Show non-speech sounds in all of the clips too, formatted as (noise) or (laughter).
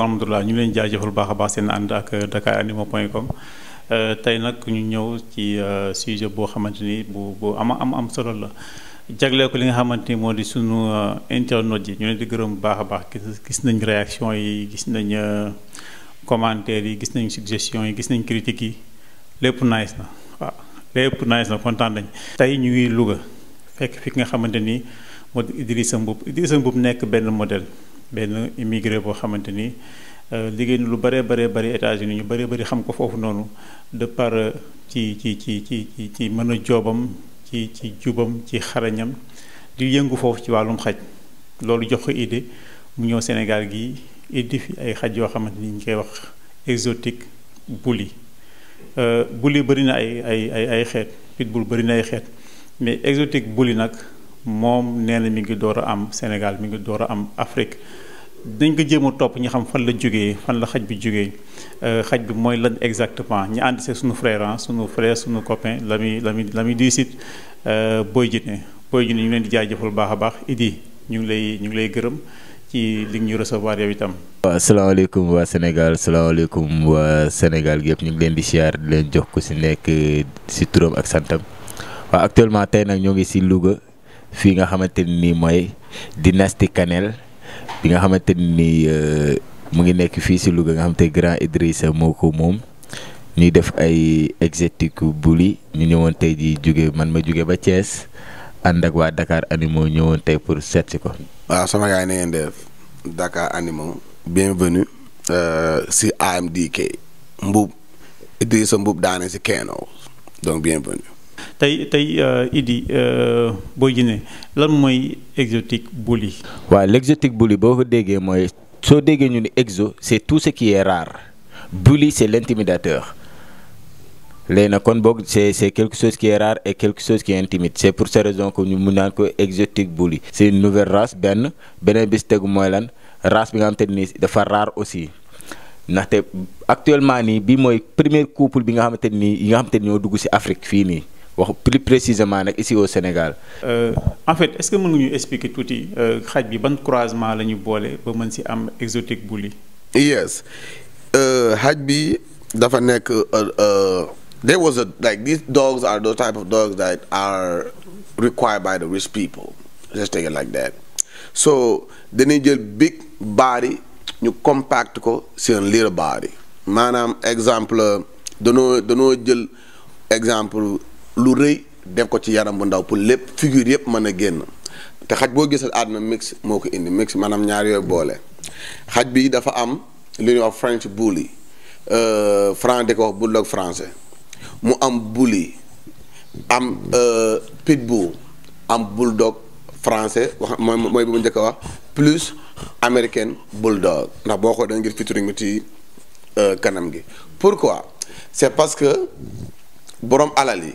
wa rahmatullah ñu ngi leen jaajëfal baax a baax seen ànd ak dakaranimo.com euh, tey nag ñu ñëw ci euh, sujet boo xamante ni boo bu ama am am solo la jagleel ko li nga xamante ni moo di sunu euh, internet yi ñu leen di gërëm bu baax a baax gis nañ réaction yi gis nañ commentaires yi gis nañ suggestion yi gis nañ critiques yi lépp nice na waaw lépp nice na kontaan nañ tey ñu ngi Louga fekk fi nga xamante ni moo di Idrissa Mboup Idrissa Mboup nekk benn modèle benn immigré boo xamante ni euh, liggéey na lu bëree bëree bëri États-Unis ñu bëree bëri xam ko foofu noonu de par euh, ci ci ci ci ci mën a joobam ci ci jubam ci xarañam di yëngu foofu ci wàllum xaj loolu jox ko idée mu ñëw Sénégal gi iddi fi ay xaj yoo xamante ni ñu koy wax exotique buli euh, buli bëri na ay ay ay ay xeet pitbull bëri na ay xeet mais exotique buli nag moom nee na mi ngi door a am Sénégal mi ngi door a am Afrique dañ ko jéem a topp ñu xam fan la jógee fan la xaj bi jógee euh, xaj bi mooy lan exactement ñu ànd see suñu frère ah, suñu frère suñu copain la muy la muy la muy di sit euh, Boy Djiné Boy Djiné ñu leen di jaajëfal baax a baax Idi ñu ngi lay ñu ngi lay gërëm ci li ñu recevoir yow itam. waaw salaamaaleykum waa Sénégal Sénégal yëpp ñu ngi leen di siyaar di leen jox ko si nekk euh, si turam ak santam waa actuellement tey nag ñoo ngi si Louga fii nga xamante ni mooy dynastie Kanel. bi nga xamante ni euh, mu ngi nekk fii si Louga nga xamante grand Idrissa moo ko moom ñuy def ay exotique buli ñu ñëwoon tey ji jóge man ma jóge ba Thiès ànd ak waa Dakar Animaux ñëwoon tey pour seet ko. waa sama gars yi na ngeen def Dakar Animaux bienvenue euh, si AMDK Mbuub Idrissa Mbuub daane si Keno donc bienvenue. tey tey euh, Idi euh, boyine Djiné lan mooy exotic bully. wa l'exotique bully boo ko déggee mooy soo déggee ñu ni exo c'est tout ce qui est rare bully c'est l'intimidateur léegi nag kon boog c'est c'est quelque chose qui est rare et quelque chose qui est intimide c'est pour cette raison que ñu mun naan ko exotique bully c'est une nouvelle race ben ben bis tegu mooy lan race bi nga xam te ni dafa rare aussi ndaxte actuellement ni bi mooy premier couple bi nga xamante nii yi nga xamante ni ñoo dugg ci Afrique fii nii wax plus précisément nag ici au Sénégal. Euh, en fait est-ce que mën nga ñu expliquer tuuti euh, xaj bi ban croisement la ñu boole ba mën si am exotique bully. yes euh, xaj bi dafa nekk there was a like these dogs are those type of dogs that are required by the rich people just take like that so dañuy jël big body ñu compact ko seen little body maanaam exemple danoo danoo jël exemple. lu rëy def ko ci yaram bu ndaw pour lépp figure yëpp mën a génn te xaj boo gisal àdduna mix moo ko indi mix maanaam ñaar yooyu boole xaj bi dafa am lu ñuy wax French bully euh, franc di ko wax bulldog français mu am bully am euh, pitbull am bulldog français wax mooy mooy bu ma njëkk a wax plus américaine bulldog ndax boo ko da ngir featuring mi ci euh, kanam gi pourquoi c'est parce que borom alal yi.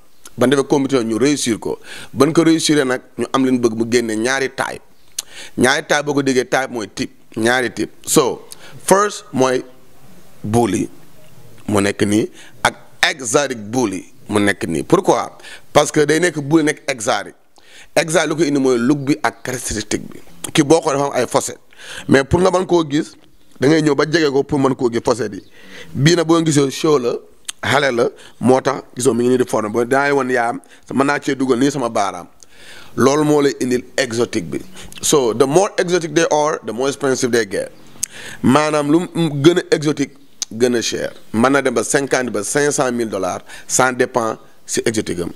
ban defee compétition ñu réussir ko ban ko réussir nag ñu am leen bëgg mu génne ñaari type ñaari type boo ko déggee type mooy type ñaari type so first mooy bully mu nekk nii ak exotic bully mu nekk nii quoi parce que day nekk bully nekk exotic exotic lu ko indi mooy look bi ak caractéristique bi ki boo ko dafa am ay facettes mais pour nga mën koo gis da ngay ñëw ba jege ko pour mën koo gis facettes yi bii na boo gisee show la xale la moo tax gisoo mi ngi nii di forme ba daay woon yaam mën naa cee dugal nii sama baaraam loolu moo lay indil exotique bi so the more exotic they are the more expensive they get maanaam lu gën a exotique gën a cher mën na dem ba cinquante ba cinq cent mille dollars ça dépend si exotique am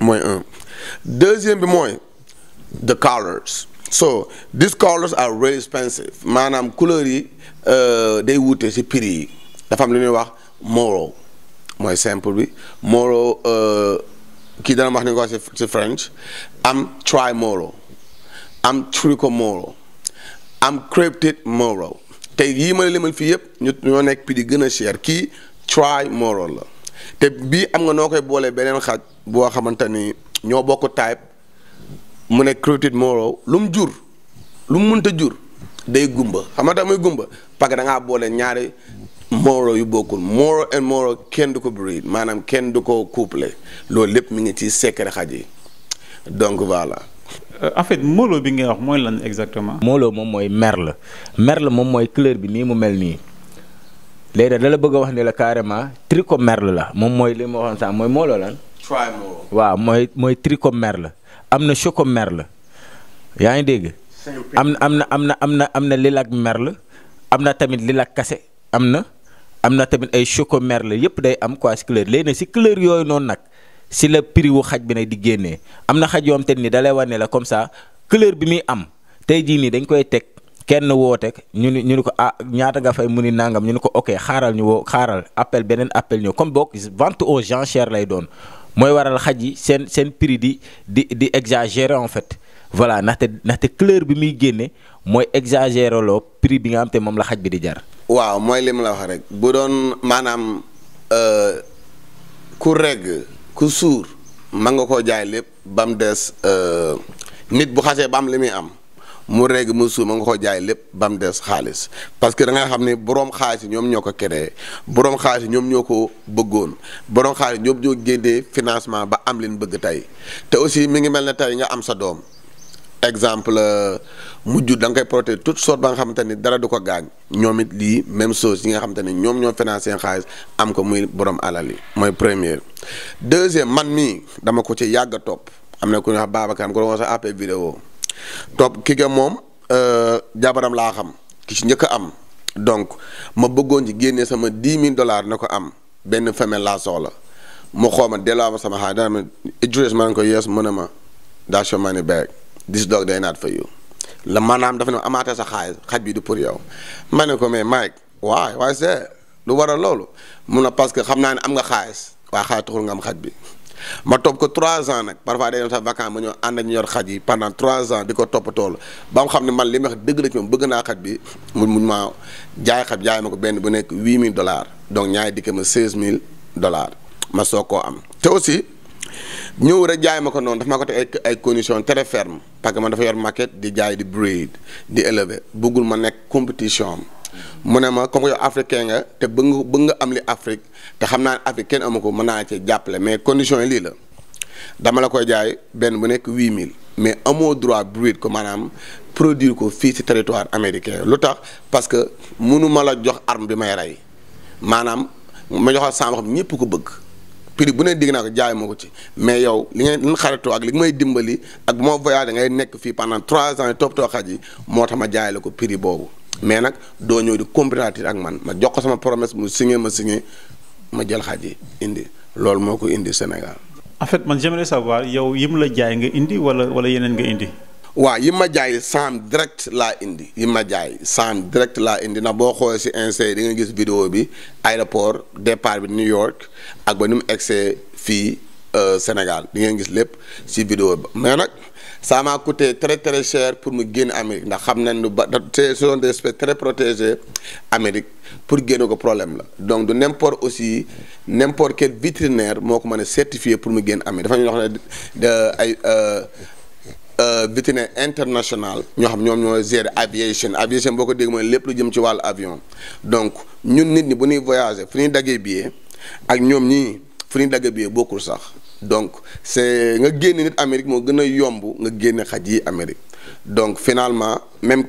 mooy un deuxième bi mooy the colors so these colors are really expensive maanaam couleur yi euh, day wuute si prix yi dafa am lu ñuy wax moro mooy simple bi moro euh, kii dana wax ni ko si si French am try moro am trico moro am cryptid moro tey yii ma la limal fii yëpp ñu ñoo nekk pi di gën a cher kii try moro la te bii am nga noo koy boolee beneen xaj boo xamante ni ñoo bokk type mu ne cryptid moro lu mu jur lu mu mënta jur day gumba xam nga muy gumba parce que da ngaa boole ñaari mooro yu bokkul mooro and mooro kenn du ko breed maanaam kenn du ko couple loolu lépp mu ngi ci secret xaj yi donc voilà. Euh, en fait molo bi ngay wax mooy lan exactement. molo moom mooy merle merle moom mooy couleur bi nii mu mel nii léegi dala bëgg a wax ni la carrément tricot merle la moom mooy li sax mooy mooloo lan. try molo waaw mooy mooy tricot merle am na choco merle yaa ngi dégg. am na am na am na am na am na lilac merle am na tamit lilac kase am na. amna na tamit ay chocomel la yëpp day am quoi si couleur léegi nag si couleur yooyu noonu nag si la prix wu xaj bi nag di génnee am na xaj yoo xam te ni dalay wane la comme ça couleur bi muy am tey jii nii dañ koy teg kenn woote ñu ñu ni ko ah ñaata nga fay mu ni nangam ñu ni ko ok xaaral ñu woo xaaral appel beneen appel ñëw comme boog vente au aux cher lay doon mooy waral xaj yi seen seen prix di di di exagéré en fait voilà ndaxte ndaxte couleur bi muy génne mooy exagéré loo prix bi nga xam te moom la xaj bi di jar. waaw mooy lim la wax rek bu doon maanaam euh, ku reg ku suur man nga koo jaay lépp ba mu des euh, nit bu xasee ba am li muy am mu regg mu suur man nga koo jaay lépp ba mu des xaalis parce que da nga xam ni borom xaalis yi ñoom ñoo ko créé borom xaalis yi ñoom ñoo ko bëggoon borom xaalis ñoom ñoo génnee financement ba am leen bëgg tey te aussi mi ngi mel ne tey nga am sa doom. exemple euh, mujj da nga koy protéger toute sorte ba nga xamante ni dara du ko gaañ ñoom it lii même chose yi nga xamante ni ñoom ñoo financé xaalis am ko muy borom alal yi mooy première. deuxième man mii dama ko ci yàgga a topp am na ku ñuy wax Babacar am ko doon wax sa appel vidéo topp ki nga moom euh, jabaram laa xam ki ci njëkk am donc ma bëggoon ci génnee sama dix mille dollars na ko am benn femelle laa soxla mu xooma delloo ma sama xaalis dana ma éducation ma ne ko yees mu ma daa soo ma this dog day not for you la maanaam dafa ne amaatee sa xaalis xaj bi du pour yow ma ne ko mais Mike waay waaye c'est lu waral loolu mun na parce que xam naa ne am nga xaalis waaye xaalis taxul nga am xaj bi ma topp ko trois ans nag parfois day dem sax vacance ma ñëw ànd ak yor xaj yi pendant trois ans di ko toppatoo la ba mu xam ne man li ma dëgg la ci moom bëgg naa xaj bi mu mu ma jaay xaj jaay ma ko benn bu nekk huit mille dollars donc ñaari dikkee ma seize mille dollars ma soog koo am ñëw war a jaay ma ko noonu daf maa ko teg ay condition conditions très ferme parce que man dafa yor maquette di jaay di breed di élever bëggul ma nekk compétition am. Mm-hmm. mu ne ma comme yow africain nga te bëgg nga bëgg nga am li Afrique te xam naa ne Afrique kenn amu ko mën naa ci jàppale mais conditions yi lii la dama la koy jaay benn bu nekk mille mais amoo droit breed ko maanaam produire ko fii si territoire américain lu tax parce que mënu ma la jox arme bi may rey maanaam ma jox la sàmm ñëpp ko bëgg. prix bu nee digg naa ko jaay ma ko ci mais yow li ngeen li xaritoo ak li may dimbali ak bu ma voyage ngay nekk fii pendant trois ans toppatoo xaj yi moo tax ma jaay la ko prix boobu mais nag doo ñëw di compétir ak man ma jox ko sama promesse mu signé ma signé ma jël xaj yi indi loolu moo ko indi Sénégal. en fait man j'aimerais savoir yow yi mu la jaay nga indi wala wala yeneen nga indi. ouais yi ma jaay direct la indi yi ma jaay direct la indi ndax boo xoolee si insta di nga gis vidéo bi aéroport départ bi New York ak ba nu mu fi euh, Sénégal di ngeen gis lépp si vidéo bi mais nag ça m'a coûté très très cher pour mu génn Amérique ndax xam nañ lu ba c'est des très protégé Amérique pour génne ko problème la donc du n'importe aussi n'importe quel vétérinaire moo ko mën certifié pour mu génn Amérique dafa ñu wax ne ay euh, euh, vétérinaire international ñoo xam ñoom ñoo gérer aviation aviation boo ko dégg mooy lépp lu jëm ci wàllu avion donc ñun nit ñi bu ñuy voyager fu ñuy daggee billet ak ñoom ñii fu ñuy daggee billet bokkul sax donc c'est nga génne nit Amérique moo gën a nga génne xaj Amérique donc finalement même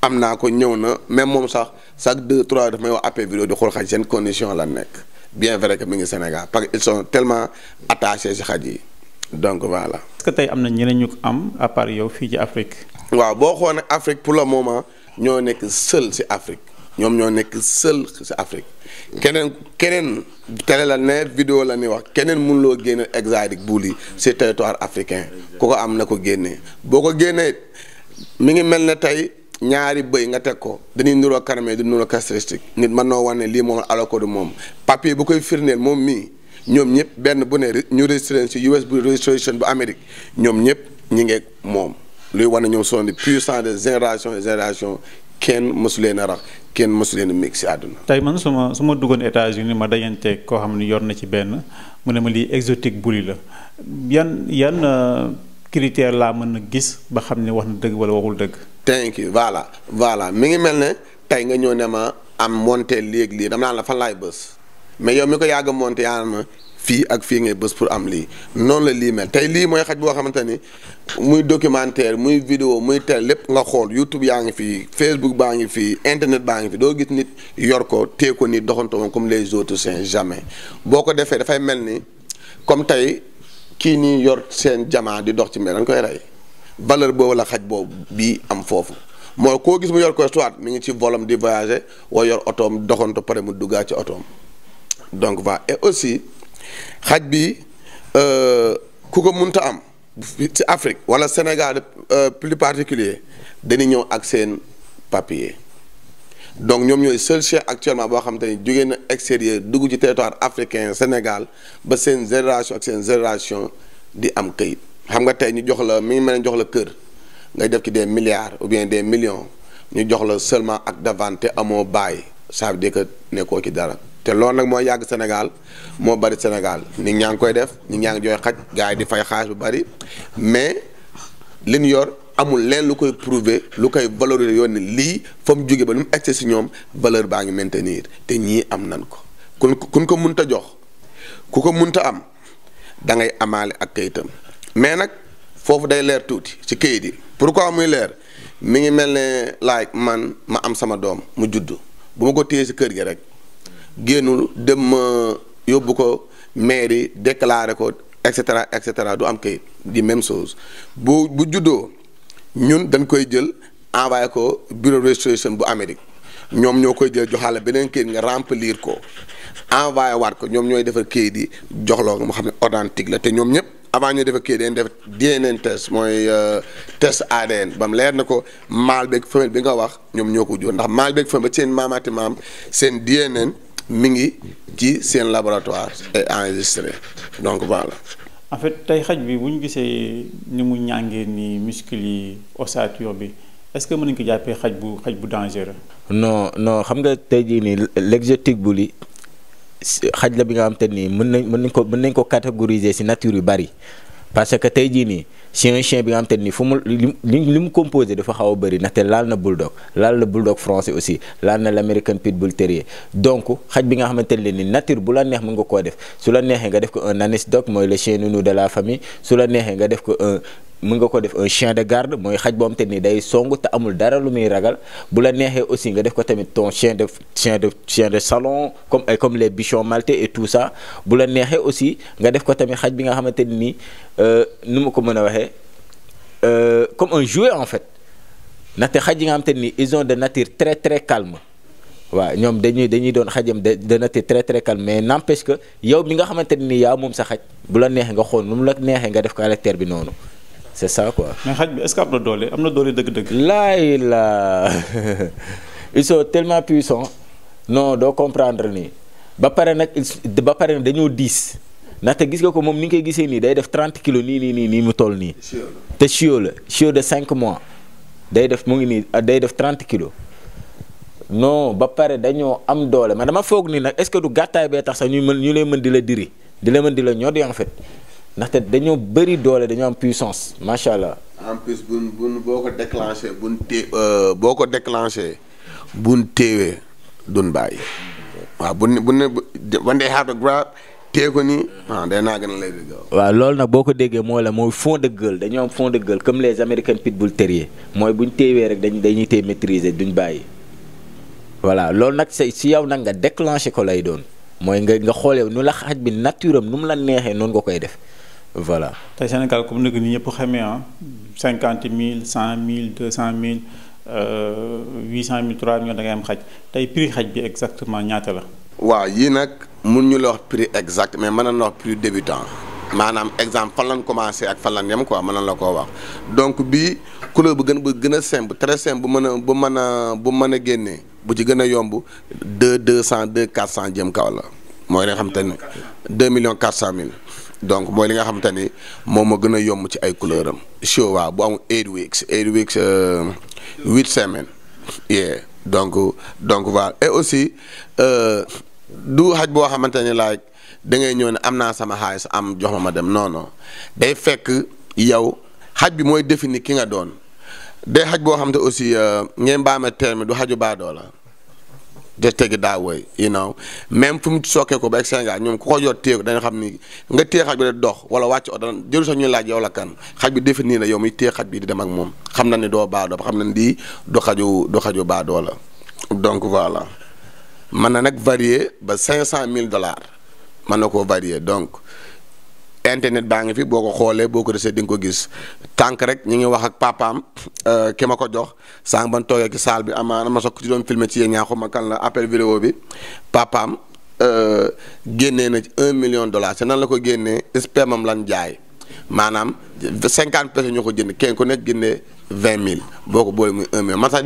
amna ko ñëw na même mom sax chaque 2 3 daf may wax appel vidéo di xol xadi sen condition la nekk bien vrai que mi ngi Sénégal parce que ils sont tellement attachés si xaj donc voilà. que tey am na ñeneen ñu am à part yow fii ci Afrique. waaw boo xoolee nag Afrique pour le moment ñoo nekk seul si Afrique ñoom ñoo nekk seul si Afrique keneen keneen télé la ne vidéo la ni wax keneen mënuloo génne exotique buuli si territoire africain ku ko am na ko génnee boo ko génnee mu ngi mel ne tey. ñaari bëy nga teg ko dañuy nuroo karme du nuroo caractéristique nit mën noo wane lii moom alako du moom papier bu koy firndeel moom mii ñoom ñëpp benn bu ne ñu registré bu registration Amérique ñoom ñëpp ñi ngeeg moom luy wane ñoom sont des puissants de génération et génération kenn mësu leen a rax kenn mësu leen a si àdduna. tey man su ma su ma duggoon États-Unis ma dajanteeg koo xam ne yor na ci benn mu ne ma lii exotique buli la yan yan euh, critère laa mën na gis ba xam ne wax na dëgg wala waxul dëgg. thank you voilà voilà mi ngi mel ne tey nga ñëw ne ma am monté léegi lii dama naan la fan laay bës. mais yow mi ko yàgg monté yaa fi ak fi ngay bëss pour am li non la li mel tay li moy xaj bo xamanteni muy documentaire muy vidéo muy tel lepp nga xol YouTube yaangi fi Facebook baangi fi internet baangi fi do gis nit yor ko té ko nii doxantoo comme les autres c'est jamais boko défé da fay melni ni comme tay ki ni yor sen jama di dox ci mbir dañ koy rey valeur boobu la xaj boobu bii am fofu mooy ko gis mu yor ko soit mi ngi ci volom di voyager wala yor otoom doxonto paré mu duggaat ci otoom donc va et aussi xajbi euh ku munta am ci Afrique wala Sénégal euh, plus particulier dañuy ñëw ak sen papier donc ñom ñoy seul chef actuellement bo xam te ni na extérieur duggu ci territoire africain Sénégal ba sen génération ak sen génération di am këyit xam nga tay ñu jox la mi ngi jox la cœur ngay def ci des milliards ou bien des millions ñu jox la seulement ak davanté amo bàyyi ça veut dire que nekkoo ci dara. te loolu nag moo yàgg Sénégal moo bari Sénégal nit ñaa ngi koy def ni ñaa ngi jooy xaj gars yi di fay xaalis bu bari mais li yor amul leen lu koy prouver lu koy valoriser yoon ni lii fa mu jóge ba nu mu egsi si ñoom valeur baa ngi maintenir te ñii am nan ko kun kun ko munta jox ku ko munta am da ngay amaale ak kayitam mais nag foofu day leer tuuti ci kayit yi pour ko muy leer mi ngi mel ne like man ma am sama doom mu juddu bu ma ko téyee si kër gi rek. génnul dem euh, yóbbu ko mairie déclaré ko et cetera et cetera du am kayit di même chose bu bu juddoo ñun dañ koy jël envoyé ko bureau de bu Amérique ñoom ñoo koy jël joxaale beneen kayit nga remplir ko envoyé waat ko ñoom ñooy defar kayit di jox nga mu xam ne authentique la te ñoom ñëpp avant ñoo defar kayit dañ def DNA test mooy euh, test ADN mu leer na ko mâle beeg femelle bi nga wax ñoom ñoo ko jur ndax mâle beeg femelle ba seen maamaati maam seen DNA mi ngi ci seen laboratoire et enregistré donc voilà. en fait tey xaj bi bu ñu gisee ni mu ñàngee ni muscle yi ossature bi est-ce que mën nañ ko jàppee xaj bu xaj bu dangereux. non non xam nga tey jii nii l'exotique bu li xaj la bi nga xam te nii mën nañ mën nañ ko mën nañ ko catégoriser si nature yu bari. parce que tey jii nii c'est un chien bi nga xam te ni fu mu li li mu composé dafa xaw a bëri ndaxte laal na bulldog laal na bulldog français aussi laal na l'american pitbull terrier donc xaj bi nga xamante ne ni nature bu la neex mu nga koo def su la neexee nga def ko un anisdog mooy le chien nounou de la famille su la neexee nga def ko un mën nga ko def un chien de garde moy xaj bo am te ni day songu te amul dara lu muy ragal bu la neexee aussi nga def ko tamit ton chien de chien de chien de salon comme et comme les bichons maltais et tout ça bu la neexee aussi nga def ko tamit xaj bi nga xamante ni euh numu ko mën waxé euh comme un jouet en fait naté xaj yi nga xamante ni ils ont de nature très très calme. wa ñom dañuy dañuy doon xajam de de très très calme mais n'empêche que yow bi nga xamante ni y'a moom sa xaj bu la neexee nga xool numu la nexé nga def caractère bi nonou c'est ça quoi. mais xaj bi est ce que am na doole am na doole dëgg-dëgg. laay la (laughs) ils sont tellement puissants non doo comprendre nii ba pare nag ba pare nag dañoo diis ndaxte gis nga ko ni nga koy gisee day def 30 kilos nii nii nii mu toll nii. te chiot la chiot de 5 mois day def mu ngi nii ah, day def 30 kilos. non ba pare dañoo am doole Ma dama foog ni nak est-ce que du gataay be tax sax ñu ñu lay mën di la diri di la mën di la ñor di en fait ndaxte dañoo bëri doole dañoo am puissance macha en plus buñ buñ boo ko déclenché buñ té euh, boo ko déclenché buñ téewee duñ bàyyi waaw buñ buñ ne one day have grab téye ko nii waaw day naa gën a lay dégg. waaw loolu nag la mooy fond de gueule dañoo am fond de gueule comme les American Pitbull Terrier mooy buñ tewe rek dañ dañuy téye maîtriser duñ bàyyi voilà lol nag say si yow nag nga déclenché ko lay doon mooy nga nga xoolee nu la xaj bi nature am la neexee noonu nga koy def. Voilà. C'est-à-dire que vous avez 50 000, 100 000, 200 000, 800 000, 300 000 euros. C'est-à-dire prix exactement Oui, ce n'est pas le prix exact, mais c'est le prix débutant. J'ai un exemple, il faut commencer avec je vais vous le Donc, si prix du club le simple, le simple, le plus 200 000, 000, 200 000, 400 000 euros. Vous savez, 2 400 000 donc mooy li nga xamante ni moom moo gën a yomb ci ay couleur am. show waaw bu amul eight weeks eight weeks huit semaines. yeah donc donc voilà et aussi euh, du xaj boo xamante ni like da ngay ñëw ne am naa sama xaalis am jox ma ma dem noono day fekk yow xaj bi mooy définir ki nga doon day xaj boo xamante aussi euh, ngeen baame terme du xaju baadoo la. just take it that way you know même fu mu sookee ko ba egg Sénégal ñoom ku ko yor téye ko dañu xam ni nga téye xaj bi de dox wala wàcc o dana jëru sax ñu laaj yow la kan yow mi téye xaj bi di dem ak moom xam na ni doo baadoo ba xam na ni di do xaju do xaju baadoo la donc voilà mën na nag varier ba cinq cent mille dollars mën na koo varier donc internet baa ngi fi boo ko xoolee boo ko desee di nga ko gis tànk rek ñu ngi wax ak papaam euh, ki ma ko jox sànq ban toogee ci saal bi amaana ma sokk ci doon filmé ci yéen ma kan la appel vidéo bi papaam euh, génnee na ci un million dollars te nan la ko génnee sperme am lan jaay maanaam cinquante personnes ñoo ko jënd kenn ku nekk génnee vingt mille boo ko boole muy un million man sax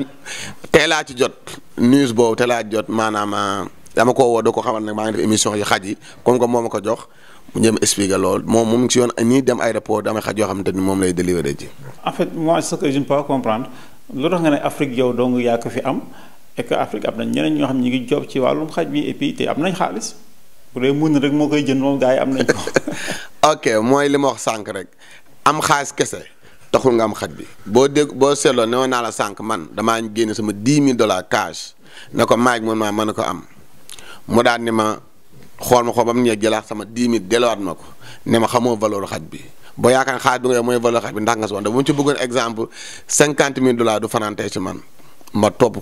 tey laa ci jot news boobu tey laa ci jot maanaam euh, dama ko woo doo ko xamal nag maa ngi def émission yi xaj yi comme que moo ma ko jox. mu jëm expliquer loolu moom mu ngi si yoon nii dem aéroport damay xaj yoo xamante ni moom lay délivrer ji. en fait moi ce que je ne peux pas comprendre lu tax nga ne Afrique yow dong yaa ko fi am et que am ci wàllum xaj bi et te am nañ xaalis bu dee mun rek moo koy jënd moom gars yi am nañ ko. (laughs) ok mooy li ma wax sànq rek am xaalis kese. taxul nga am xaj bi boo dégg boo seetloo ne woon naa la sànq man damaa génne sama dix mille dollars cash ne ko maaj mun maa mën a ko am mu daal ni ma xool ma xool ba mu ñëw jëlaat sama 10 000 delluwaat ma ko ne ma xamoo valeur xaj bi boo yaakaar xaalis bi nga mooy valeur xaj bi ndax nga si woon da bu ñu ci bëggoon exemple 50 000 dollars du fanaan ma topp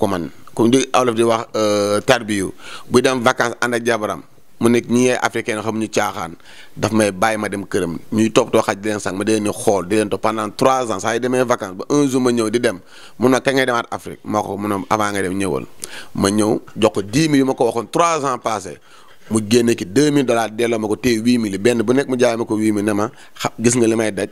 ko di awlaf di wax euh, tarbiyu buy dem vacances ànd ak jabaram mu nekk ñi ngay africain xam ñu caaxaan daf may bàyyi ma dem këram ñuy toppatoo xaj di leen sang ma di leen xool di leen topp pendant trois ans saa yu demee vacances ba un jour ma ñëw di dem mun na kañ ngay demaat Afrique ma ko mun a avant nga dem ñëwal ma ñëw jox ko dix mille yu ma ko waxoon trois ans passé mu génne ki 2000 dollars delloo ma ko téye 8000 benn bu nekk mu jaay ma ko 8000 ne ma xa gis nga li may daj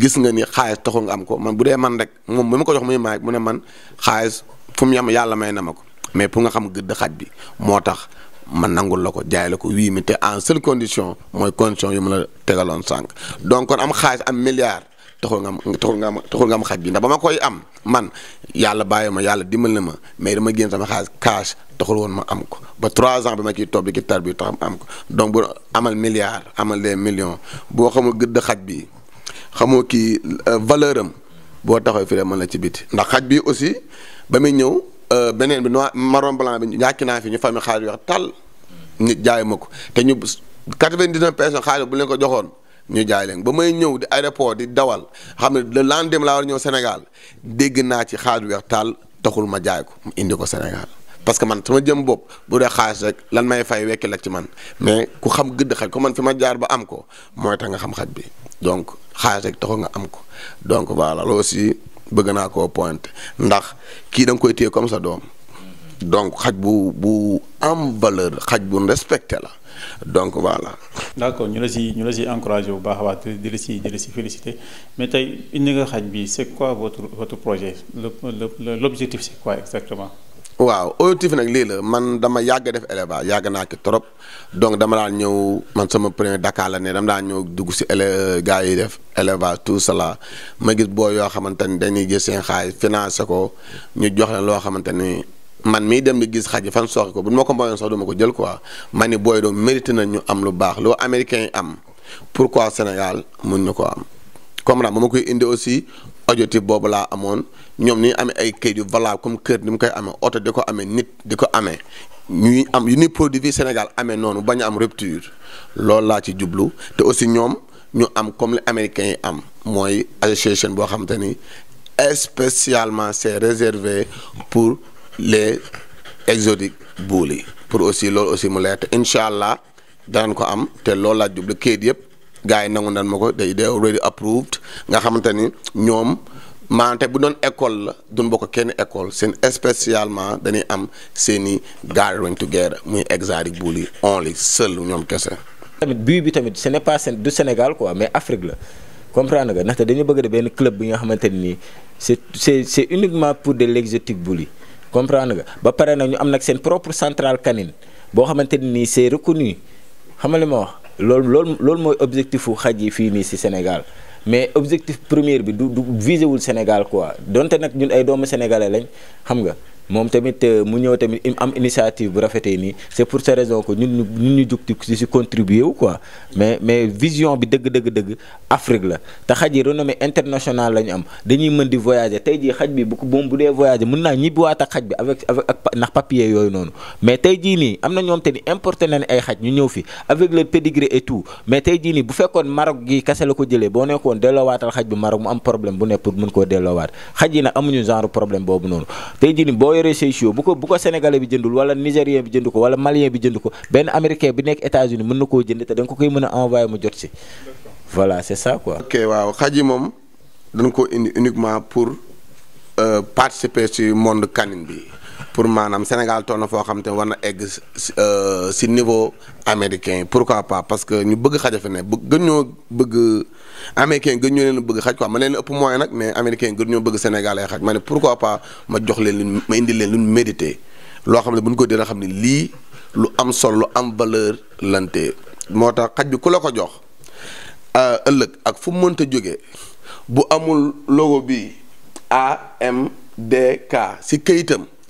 gis nga ni xaalis taxul nga am ko man bu dee man rek moom bu ma ko jox muy maay mu ne man xaalis fu mu yem yàlla may na ma ko mais pour nga xam gëdd xaj bi moo tax man nangul la ko jaay la ko 8000 te en seule condition mooy condition yu ma la tegaloon sànq donc kon am xaalis am milliard. taxul nga am taxul nga am taxul am xaj bi ndax ba ma koy am man yàlla bàyyi ma yàlla dimbal na ma mais dama génn sama xaalis cash taxul woon ma am ko ba trois ans bi ma ciy toog di guitare bi tax am ko donc bu amal milliard amal des millions boo xamul gëdd xaj bi xamoo kii euh, valeur boo taxaw fi mën la ci biti ndax xaj bi aussi ba muy ñëw euh, beneen bi noir marron blanc bi ñàkk naa fi ñu fami xaalis wax tal nit jaay ma ko te ñu quatre-vingt-dix-neuf personnes xaalis bu leen ko joxoon. ñu jaay leen ba may ñëw di aéroport di dawal xam ne le lendemain laa war ñëw Sénégal dégg naa ci xaaj weex taal taxul ma jaay ko mu indi ko Sénégal parce que man ma jëm bopp bu dee xaalis rek lan may fay wekki la ci man mais ku xam gëdd xaj ko man fi ma jaar ba am ko mooy tax nga xam xaj bi donc xaalis rek taxul nga am ko donc voilà aussi bëgg naa koo pointé ndax kii da nga koy comme sa doom mm-hmm. donc xaj bu bu am valeur xaj bu la. donc voilà. d'accord ñu la ci ñu la ci encourager bu baax a di la si di la si féliciter. mais tay indi nga xaj bi c'est quoi votre votre projet le c'est quoi exactement. waaw objectif nag lii la man dama yàgg def élevage yàgg naa ki trop donc dama daan ñëw man sama premier Dakar la ne dama daan ñëw dugg si élé gars yi def élevage tout cela ma gis boo yoo xamante ni dañuy jël seen xaalis financé ko ñu jox leen loo xamante ni man mi dem di gis xadi fan soxla ko bu moko ko sax duma ko jël quoi ma ni booy doom mérité nañu am lu bax lo américain yi am pourquoi Sénégal mën ñu ko am. comme daal ma indi aussi objectif bobu la amone ñom ni am ay kay yu valable comme kër nim koy amé auto diko amé nit diko amé ñuy am yu ñuy produit Sénégal amé nonu baña am rupture lool la ci jublu té aussi ñom ñu am comme les américains yi am moy association bo xam te spécialement c'est réservé pour. les exotiques buuli pour aussi loolu aussi mu leer te allah danañ ko am te lool laa jublu kayit yëpp gars yi nangu nan ma ko day day already approved nga xamante ni ñoom maante bu doon école la duñ bokk kenn école seen spécialement dañuy am seen i gathering together muy exotique buuli only seul ñoom kese. tamit bii bi tamit ce n'est pas du Sénégal quoi mais Afrique la. comprendre nga ndaxte dañu bëgg de benn club bi nga xamante nii c'est c'est uniquement pour de l'exotique bully comprendre nga ba pare nag ñu am nag seen propre centrale canine boo xamante ne nii c'est reconnu xam nga loolu loolu loolu mooy objectif wu xaj yi fii nii si Sénégal mais objectif premier bi du du visé wul Sénégal quoi donte nag ñun ay doomu sénégalais lañ xam nga. mom tamit euh, mu ñëw tamit am initiative bu rafetee ni c'est pour ces raisons que ñun ñun ñu juk ci ci contribuer quoi mais mais vision bi deug deug deug Afrique la te xaj yi renommée international la am dañuy mën di voyager tey jii xaj bi bu ko bu dee voyager mën naa ñibbiwaat ak xaj bi avec avec ak papier yoy non mais tey jii nii am na ñoom te ni importé nañ ay xaj ñu ñëw fi avec le pedigree et tout mais tey ni nii bu fekkoon Maroc gi kasse la ko bo boo nekkoon delloowaat xaj bi Maroc mu am problème bu né pour mën ko delloowaat xaj yi nag amuñu genre problème boobu non tey ni nii boo yoree say chevaux bu ko bu ko sénégalais bi jëndul wala nigérien bi jënd ko wala malien bi jënd ko benn américain bi nekk États-Unis mën na koo jënd te da nga koy mën a envoyé mu jot si voilà c'est ça quoi. ok waaw xaj yi moom dañ ko indi uniquement pour euh, participer ci monde canine bi. pour maanaam Sénégal toll foo xam te war na egg euh, si niveau américain yi pourquoi pa parce que ñu bëgg xajafe ne bu gën ñoo bëgg américain gën ñoo leen bëgg xaj ko ma leen ëpp moyen nag mais américain gën ñoo bëgg Sénégal ay xaj ne pourquoi pa ma jox leen ma indi leen lu ñu médité loo xam ne bu ñu ko dina xam ne lii lu am solo lu am valeur lante moo tax xaj bi ku la ko jox euh, ëllëg ak fu mu mënta jóge bu amul logo bi AMDK si këyitam.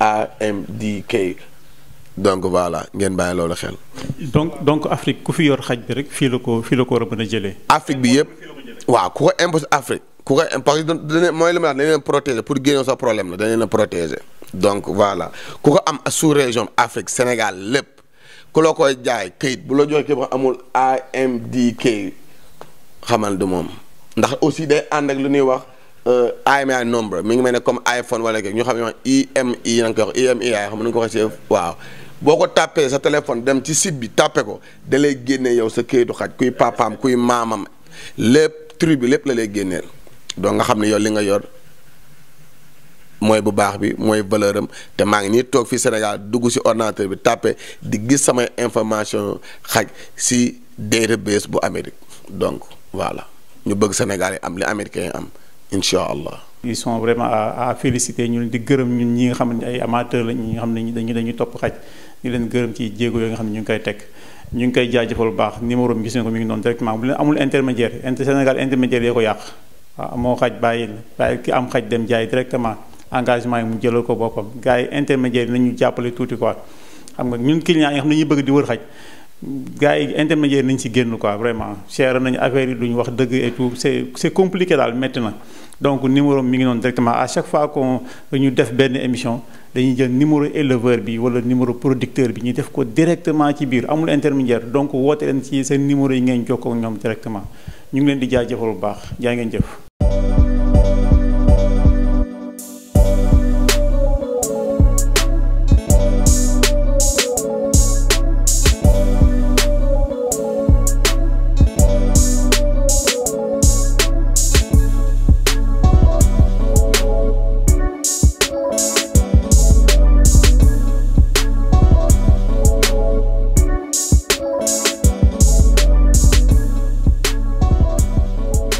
AMDK. donc voilà ngeen bàyyi loolu xel. donc donc Afrique ku fi yor xaj bi rek fii la ko fii la ko war a mën a jëlee. Afrique bi yëpp waaw ku ko imposé Afrique ku ko parce que dana mooy li ma la sa problème dañ leen a protéger. donc voilà ku ko am sous région Afrique Sénégal lépp ku la koy jaay kayit bu la jox képp amul AMDK xamal du moom ndax aussi day ànd ak lu ñuy wax. IMEI euh, nombre mi ngi mel ne comme iPhone wala ñu xam ne e wax IMEI na e nga koy wax IMEI xam nga ko waxee waaw boo ko tàppee sa téléphone dem ci site bi tàppe ko da génnee génne yow sa këyitu xaj kuy papaam kuy maamam lépp tribu bi lépp la lay génneel donc nga xam ne yow li nga yor mooy bu baax bi mooy valeur am te maa ngi nii toog fii Sénégal dugg si ordinateur bi tàppe di gis samay information xaj si database bu Amérique donc voilà ñu bëgg Sénégal yi am li américain yi am incha allah. ils sont vraiment à à ñu leen di gërëm ñun ñi nga xam ne ay amateurs lañ ñi nga xam ne dañu dañuy topp xaj ñu leen gërëm ci jéego yoo nga xam ne ñu ngi koy teg ñu ngi koy jaajëfal bu baax numéro bi gis nga ko mi ngi noonu directement bu leen amul intermédiaire inter Sénégal intermédiaire yee ko yàq waaw moo xaj bàyyi bàyyi ki am xaj dem jaay directement engagement yi mu jëlal ko boppam gars yi intermédiaire yi nañu jàppale tuuti quoi xam nga ñun client yi nga ne dañuy bëgg di wër xaj gars yi intermédiaire nañ si génn quoi vraiment cher nañu affaire yi duñu wax dëgg et tout c'est compliqué daal métti na donc numéro mi ngi noonu directement à chaque fois qu'on ñu def benn émission dañuy jël numéro éleveur bi wala numéro producteur bi ñu def ko directement ci biir amul intermédiaire donc woote leen ci seen numéro yi ngeen jokkoo ñoom directement ñu ngi leen di jaajëfal bu baax jaa ngeen jëf